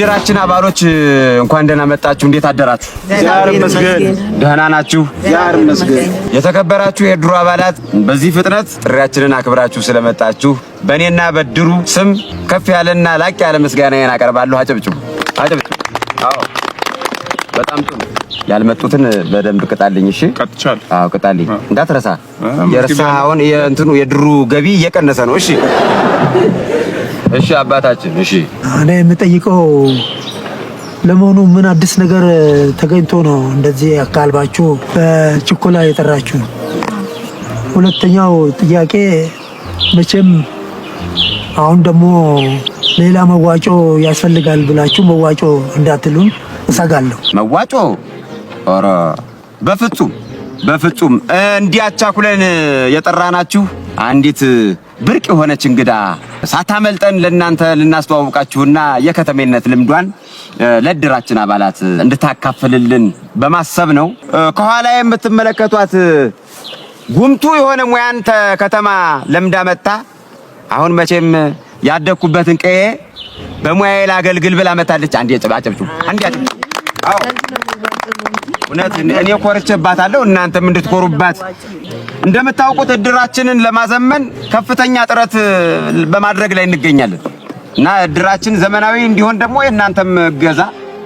የምድራችን አባሎች እንኳን ደህና መጣችሁ። እንዴት አደራችሁ? ዛሬ መስገን ደህና ናችሁ? ዛሬ መስገን። የተከበራችሁ የድሩ አባላት በዚህ ፍጥነት ጥሪያችንን አክብራችሁ ስለመጣችሁ በእኔና በድሩ ስም ከፍ ያለና ላቅ ያለ ምስጋናዬን አቀርባለሁ። አጨብጭቡ፣ አጨብጭቡ። አዎ በጣም ጥሩ። ያልመጡትን በደንብ ቅጣልኝ። እሺ፣ ቀጥቻል። አዎ ቅጣልኝ፣ እንዳትረሳ። የእርሳውን የእንትኑ የድሩ ገቢ እየቀነሰ ነው። እሺ እሺ አባታችን፣ እሺ እኔ የምጠይቀው ለመሆኑ ምን አዲስ ነገር ተገኝቶ ነው እንደዚህ አካልባችሁ በችኮላ የጠራችሁ? ሁለተኛው ጥያቄ መቼም አሁን ደግሞ ሌላ መዋጮ ያስፈልጋል ብላችሁ መዋጮ እንዳትሉን እሰጋለሁ። መዋጮ ኧረ በፍጹም በፍጹም እንዲያቻኩለን የጠራናችሁ አንዲት ብርቅ የሆነች እንግዳ ሳታመልጠን ለእናንተ ልናስተዋውቃችሁና የከተሜነት ልምዷን ለእድራችን አባላት እንድታካፍልልን በማሰብ ነው። ከኋላ የምትመለከቷት ጉምቱ የሆነ ሙያን ከተማ ለምዳ መጣ። አሁን መቼም ያደግኩበትን ቀዬ በሙያዬ ላገልግል ብላ መታለች። አንዴ አንድ አንዴ እውነት እኔ ኮርቼባታለሁ፣ እናንተም እንድትኮሩባት። እንደምታውቁት እድራችንን ለማዘመን ከፍተኛ ጥረት በማድረግ ላይ እንገኛለን እና እድራችን ዘመናዊ እንዲሆን ደግሞ የእናንተም እገዛ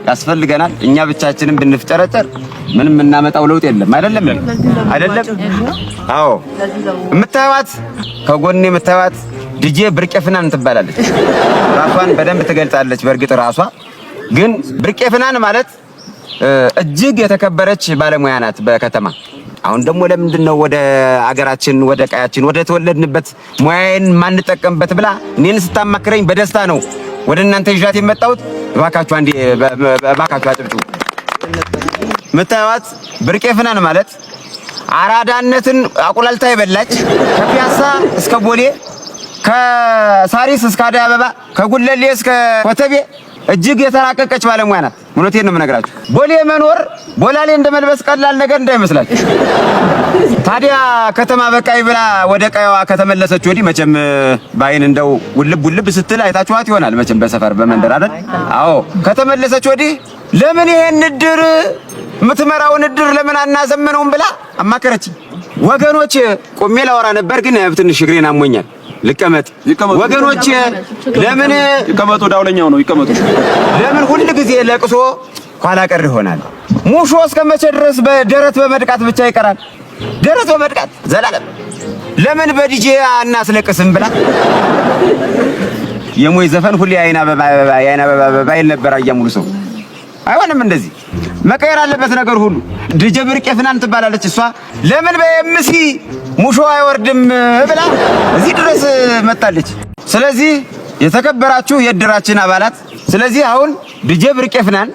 ያስፈልገናል። እኛ ብቻችንን ብንፍጨረጨር ምንም እናመጣው ለውጥ የለም። አይደለም አይደለም። አዎ የምታዩት ከጎን የምታዩት ድጄ ብርቄፍናን ትባላለች። ራሷን በደንብ ትገልጻለች። በእርግጥ ራሷ ግን ብርቄፍናን ማለት እጅግ የተከበረች ባለሙያ ናት በከተማ። አሁን ደግሞ ለምንድን ነው ወደ አገራችን ወደ ቀያችን ወደ ተወለድንበት ሙያዬን ማንጠቀምበት ብላ እኔን ስታማክረኝ በደስታ ነው ወደ እናንተ ይዣት የመጣሁት። እባካችሁ አንዴ እባካችሁ አጥብጡ። ምታዩት ብርቄ ፍናን ማለት አራዳነትን አቁላልታ የበላች ከፒያሳ እስከ ቦሌ ከሳሪስ እስከ አዲስ አበባ ከጉለሌ እስከ ኮተቤ እጅግ የተራቀቀች ባለሙያ ናት። እውነቴን ነው የምነግራችሁ። ቦሌ መኖር ቦላሌ እንደመልበስ ቀላል ነገር እንዳይመስላችሁ። ታዲያ ከተማ በቃይ ብላ ወደ ቀየዋ ከተመለሰች ወዲህ መቼም ባይን እንደው ውልብ ውልብ ስትል አይታችኋት ይሆናል መቼም በሰፈር በመንደር አይደል? አዎ ከተመለሰች ወዲህ ለምን ይሄን እድር የምትመራውን እድር ለምን አናዘመነውም ብላ አማከረችኝ። ወገኖች ቆሜ ላወራ ነበር፣ ግን ትንሽ እግሬን አሞኛል። ልቀመጥ። ወገኖች ለምን ይቀመጡ? ዳውለኛው ነው ይቀመጡ። ለምን ሁል ጊዜ ለቅሶ ኋላ ቀር ይሆናል? ሙሾ እስከ መቼ ድረስ በደረት በመድቃት ብቻ ይቀራል? ደረት በመድቃት ዘላለም ለምን በዲጄ አናስለቅስም ብላ የሞይ ዘፈን ሁሌ የአይን አበባ የአይን አበባ ይል ነበር አያሙሉ ሰው አይሆንም። እንደዚህ መቀየር አለበት ነገር ሁሉ። ድጀ ብርቄ ፍናን ትባላለች እሷ። ለምን በኤምሲ ሙሾ አይወርድም ብላ እዚህ ድረስ መጣለች። ስለዚህ የተከበራችሁ የእድራችን አባላት፣ ስለዚህ አሁን ድጀ ብርቄ ፍናን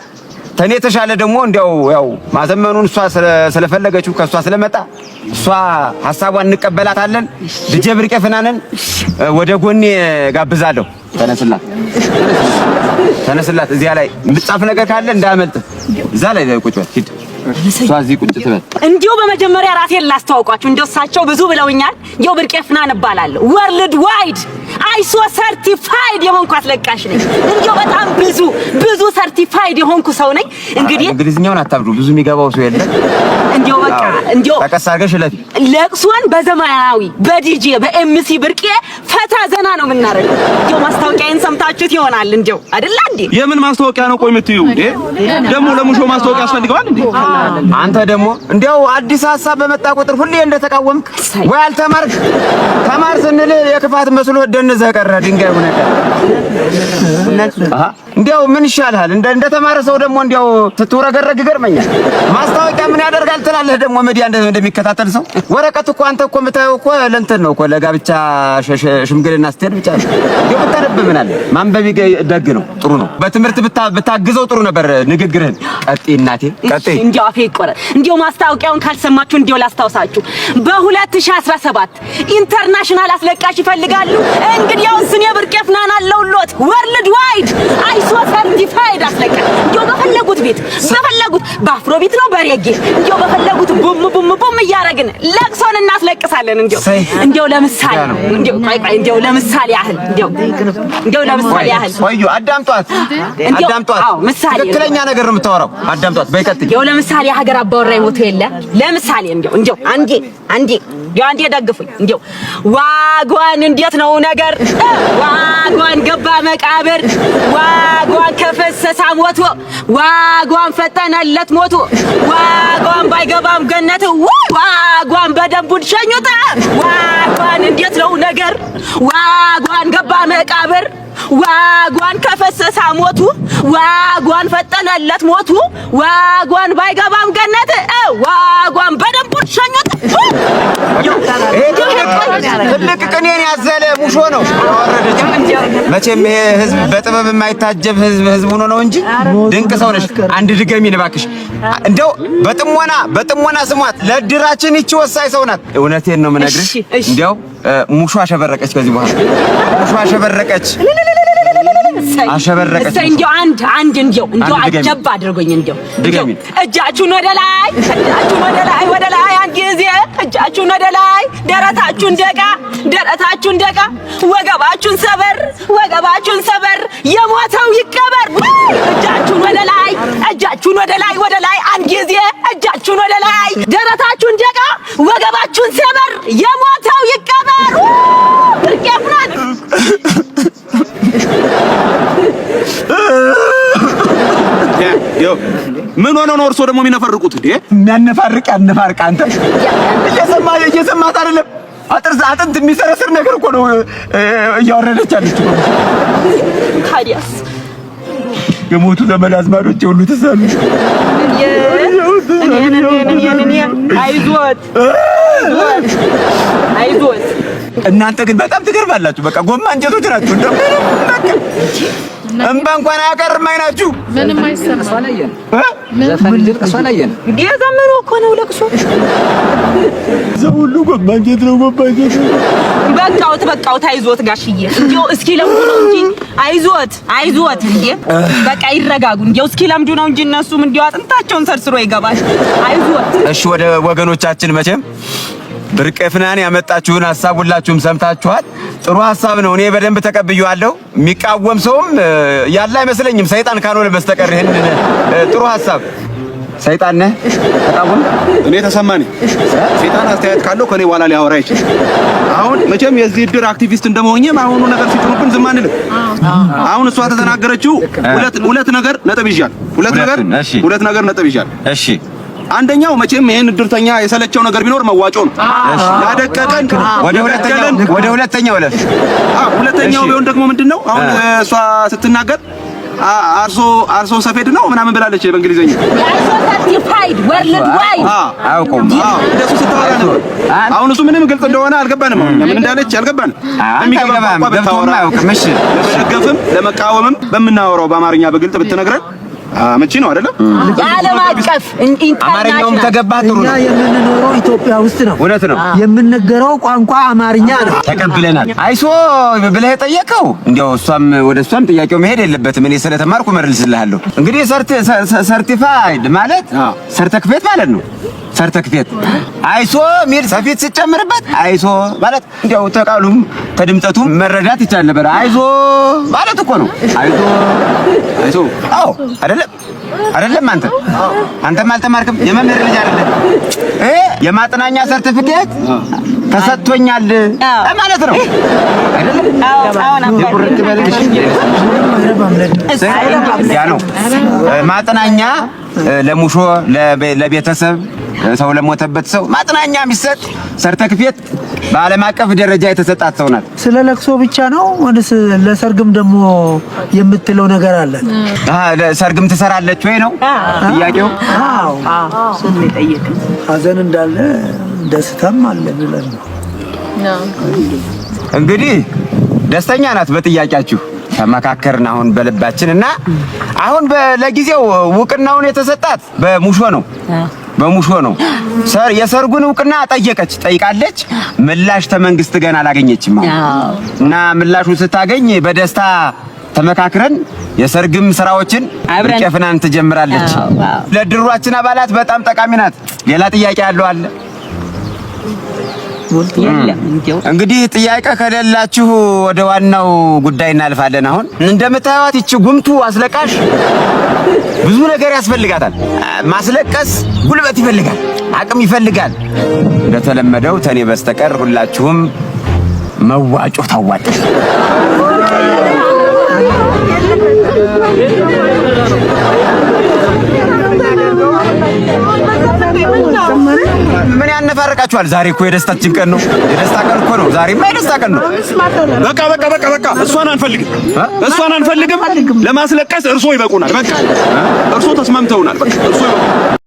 ተኔ የተሻለ ደግሞ እንዲያው ያው ማዘመኑን እሷ ስለፈለገችው ከእሷ ስለመጣ እሷ ሀሳቧን እንቀበላታለን። ድጀ ብርቄ ፍናንን ወደ ጎኔ ጋብዛለሁ። ተነስላ ተነስላት። እዚያ ላይ የምጻፍ ነገር ካለ እንዳመልጥ እዛ ላይ ቁጭ በል ሂድ። እሷ እዚህ ቁጭ ትበል። እንዲሁ በመጀመሪያ ራሴን ላስተዋውቋችሁ። እንደው እሳቸው ብዙ ብለውኛል። ይኸው ብርቄ ፍናን እባላለሁ። ወርልድ ዋይድ አይሶ ሰርቲፋይድ የሆንኩ አስለቃሽ ነኝ። እንዲሁ በጣም ብዙ ብዙ ሰርቲፋይድ የሆንኩ ሰው ነኝ። እንግዲህ እንግሊዝኛውን አታብዱ፣ ብዙ የሚገባው ሰው የለም። እንዲሁ በቃ እንዲሁ ተቀሳ አድርገሽ እለፊ። ለቅሶን በዘመናዊ በዲጄ በኤምሲ ብርቄ ፈታ ዘና ነው የምናደርገው። እንዲሁ ማስታወቂያን አስታውቃችሁት ይሆናል። እንደው አይደል እንዴ? የምን ማስታወቂያ ነው? ቆይ የምትዩ እንዴ? ደግሞ ለሙሾ ማስታወቂያ ያስፈልገዋል እንዴ? አንተ ደግሞ እንዲያው አዲስ ሀሳብ በመጣ ቁጥር ሁሌ እንደተቃወምክ ወይ አልተማርክ፣ ተማር ስንል የክፋት መስሎ ደንዘህ ቀረ ድንጋይ ሆነ። እንዲያው ምን ይሻልሃል? እንደ እንደ ተማረ ሰው ደግሞ እንዲያው ስትውረገረግ ይገርመኛል። ማስታወቂያ ምን ያደርጋል ትላለህ ደግሞ ሚዲያ እንደሚከታተል ሰው ወረቀት እኮ አንተ እኮ የምታየው እኮ ለእንትን ነው እኮ ለጋብቻ ሽምግልና ስትሄድ ብቻ ነው። ብታነብ ምን አለ ማንበብ ደግ ነው፣ ጥሩ ነው። በትምህርት ብታግዘው ጥሩ ነበር። ንግግርህን ቀጤ እናቴ ቀጤ። እንዲያው አፌ ይቆረጥ። እንዲያው ማስታወቂያውን ካልሰማችሁ እንዲያው ላስታውሳችሁ በ2017 ኢንተርናሽናል አስለቃሽ ይፈልጋሉ። እንግዲያው ስኔ ብርቄ ፍናን አለውሎት ወርልድ ዋይድ አይሶ ሰርቲፋይድ አስለቀ። እንዲያው በፈለጉት ቤት በፈለጉት በአፍሮ ቤት ነው በሬጌ እንዲያው በፈለጉት ቡም ቡም ቡም እያደረግን ለቅሶን እናስለቅሳለን። እንዲያው እንዲያው ለምሳሌ እንዲያው ቆይ ቆይ እንዲያው ለምሳሌ ያህል እንዲያው እንዲያው ለምሳሌ ያህል ቆዩ፣ አዳምጧት፣ አዳምጧት። አዎ ምሳሌ ትክክለኛ ነገር ነው የምታወራው። አዳምጧት፣ በይቀጥል እንዲያው ለምሳሌ ሀገር አባወራ ይሞት የለ ለምሳሌ እንዲያው እንዲያው አንዴ አንዴ እንዲያው አንዴ ደግፉኝ። እንዲያው ዋጓን እንዴት ነው ነገር ዋጓን ገባ መቃብር ዋጓን ከፈሰሳ ሞቶ ዋጓን ፈጠነለት ሞቶ ዋጓን ባይገባም ገነት ዋጓን በደንቡን ሸኙታ ዋጓን እንዴት ነው ነገር ዋጓን ገባ መቃብር ዋጓን ከፈሰሰ ሞቱ ዋጓን ፈጠነለት ሞቱ ዋጓን ባይገባም ገነት ዋጓን በደንብ ሸኙት። ትልቅ ቅኔን ያዘለ ሙሾ ነው። መቼም ይሄ ህዝብ በጥበብ የማይታጀብ ህዝብ ህዝብ ሆኖ ነው እንጂ ድንቅ ሰው ነሽ። አንድ ድገሚን እባክሽ፣ እንደው በጥሞና በጥሞና ስሟት። ለድራችን ይቺ ወሳኝ ሰው ናት። እውነቴን ነው የምነግርሽ። እንደው ሙሾ አሸበረቀች። ከዚህ በኋላ ሙሾ አሸበረቀች። አሸበረቀች። እንደው አንድ አንድ እንደው እንደው አጀብ አድርጎኝ እንደው እጃችሁን ወደ ላይ እጃችሁን ወደ ላይ ወደ ላይ አንድ ጊዜ እጃችሁን ወደ ላይ፣ ደረታችሁን ደቃ ደረታችሁን ደቃ፣ ወገባችሁን ሰበር ወገባችሁን ሰበር፣ የሞተው ይቀበር። እጃችሁን ወደ ላይ እጃችሁን ወደ ላይ ወደ ላይ አንድ ጊዜ እጃችሁን ወደ ላይ፣ ደረታችሁን ደቃ፣ ወገባችሁን ሰበር፣ የሞተው ይቀበር። ምን ሆነ ነው እርሶ ደግሞ የሚነፈርቁት እንዴ? የሚያነፋርቅ ያነፋርቅ። አንተ እየሰማ እየሰማት አይደለም? አጥር አጥንት የሚሰረስር ነገር እኮ ነው እያወረደች አለች። ታዲያስ የሞቱ ዘመድ አዝማዶች ሁሉ ተሳሉ። አይዞት አይዞት። እናንተ ግን በጣም ትገርባላችሁ። በቃ ጎማ እንጨቶች ናችሁ። እንባ እንኳን አያቀርም አይናችሁ። ምንም አይሰማም። እሷን አየን። የዘመኑ እኮ ነው ለቅሶ። እዚያ ሁሉ ጎማጀት ነው ጎማጀት። በቃውት በቃውት። አይዞት ጋሽዬ፣ እንዲያው እስኪ ለምዱ ነው እንጂ አይዞት አይዞት። እንዴ በቃ ይረጋጉ። እንዲያው እስኪ ለምዱ ነው እንጂ እነሱም እንዲያው አጥንታቸውን ሰርስሮ ይገባል። አይዞት። እሺ ወደ ወገኖቻችን መቼም ብርቅ ፍናን ያመጣችሁን ሀሳብ ሁላችሁም ሰምታችኋል። ጥሩ ሀሳብ ነው። እኔ በደንብ ተቀብየዋለሁ። የሚቃወም ሰውም ያለ አይመስለኝም፣ ሰይጣን ካልሆነ በስተቀር ይህን ጥሩ ሀሳብ ሰይጣን ነህ። ተቃወም። እኔ ተሰማኝ ሰይጣን አስተያየት ካለው ከኔ በኋላ ሊያወራ ይችላል። አሁን መቼም የዚህ እድር አክቲቪስት እንደመሆኜ አሁኑ ነገር ሲጥሩብን ዝም አንልም። አሁን እሷ ተተናገረችው ሁለት ሁለት ነገር ነጥብ ይዣል። ሁለት ነገር ነጥብ ይዣል። እሺ አንደኛው መቼም ይሄን እድርተኛ የሰለቸው ነገር ቢኖር መዋጮ ነው። ያደቀቀን ወደ ሁለተኛው ወደ ሁለተኛው ለፍ አዎ፣ ሁለተኛው ቢሆን ደግሞ ምንድነው አሁን እሷ ስትናገር አርሶ አርሶ ሰፌድ ነው ምናምን ብላለች በእንግሊዘኛ እንደሱ ስታወራ ነበር። አሁን እሱ ምንም ግልጽ እንደሆነ አልገባንም። ምን እንዳለች አልገባንም። የሚገባ ቋንቋ ብታወራ ለመደገፍም ለመቃወምም በምናወራው በአማርኛ በግልጽ ብትነግረን አመቺ ነው አይደለም? የዓለም አቀፍ አማርኛውም ተገባ ጥሩ ነው። የምንኖረው ኢትዮጵያ ውስጥ ነው። እውነት ነው። የምንነገረው ቋንቋ አማርኛ ነው። ተቀብለናል። አይሶ ብለህ ጠየቀው። እንዲያው እሷም ወደ እሷም ጥያቄው መሄድ የለበትም። እኔ ስለተማርኩ መልስልሃለሁ። እንግዲህ ሰርቲፋይድ ማለት ሰርተክፌት ማለት ነው ሰርተክፌት አይሶ ሚል ሰፊት ሲጨምርበት አይሶ ማለት እንዲያው ተቃሉም ተድምጠቱም መረዳት ይቻል ነበር። አይዞ ማለት እኮ ነው። አይዞ አይዞ። አዎ አይደለም አይደለም። አንተ አንተም አልተማርክም። የመምህር ልጅ አይደለም። እ የማጥናኛ ሰርቲፊኬት ተሰጥቶኛል ማለት ነው አይደለም? ያ ነው ማጥናኛ ለሙሾ ለቤተሰብ ሰው ለሞተበት ሰው ማጽናኛ የሚሰጥ ሰርተክፌት በዓለም አቀፍ ደረጃ የተሰጣት ሰው ናት። ስለ ለቅሶ ብቻ ነው ወይስ ለሰርግም ደግሞ የምትለው ነገር አለ? ሰርግም ትሰራለች ወይ ነው ጥያቄው። ሀዘን እንዳለ ደስታም አለ ብለን ነው እንግዲህ። ደስተኛ ናት በጥያቄያችሁ ተመካከርን አሁን በልባችን እና አሁን ለጊዜው ውቅናውን የተሰጣት በሙሾ ነው። በሙሾ ነው። የሰርጉን እውቅና ጠየቀች ጠይቃለች። ምላሽ ተመንግስት ገና አላገኘችም እና ምላሹን ስታገኝ በደስታ ተመካክረን የሰርግም ስራዎችን አብረን ትጀምራለች። ለድሯችን አባላት በጣም ጠቃሚ ናት። ሌላ ጥያቄ ያለው አለ? እንግዲህ ጥያቄ ከሌላችሁ ወደ ዋናው ጉዳይ እናልፋለን። አሁን እንደምታዩት ይቺ ጉምቱ አስለቃሽ ብዙ ነገር ያስፈልጋታል። ማስለቀስ ጉልበት ይፈልጋል፣ አቅም ይፈልጋል። እንደተለመደው ተኔ በስተቀር ሁላችሁም መዋጮ ታዋጭ ታረቃችኋል። ዛሬ እኮ የደስታችን ቀን ነው። የደስታ ቀን እኮ ነው። ዛሬ የደስታ ቀን ነው። በቃ በቃ በቃ በቃ። እሷን አንፈልግም፣ እሷን አንፈልግም። ለማስለቀስ እርሶ ይበቁናል። በቃ እርሶ ተስማምተውናል። በቃ እርሶ